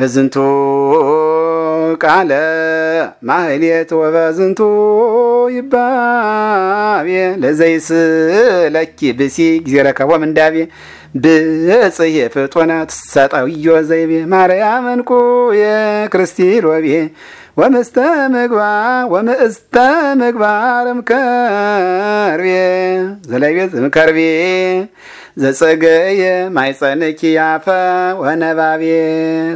በዝንቱ ቃለ ማህሌት ወበዝንቱ ይባቤ ለዘይስለኪ ብሲ ጊዜ ጊዜረከቦ ምንዳቤ ብጽህ ፍጡነ ሰጠውዮ ዘይቤ ማርያም የክርስቲ ክርስቲሎቤ ወምስተ ምግባር ወምእስተ ምግባር እምከርቤ ዘለቤት እምከርቤ ዘጸገየ ማይጸንኪ ያፈ ወነባቤ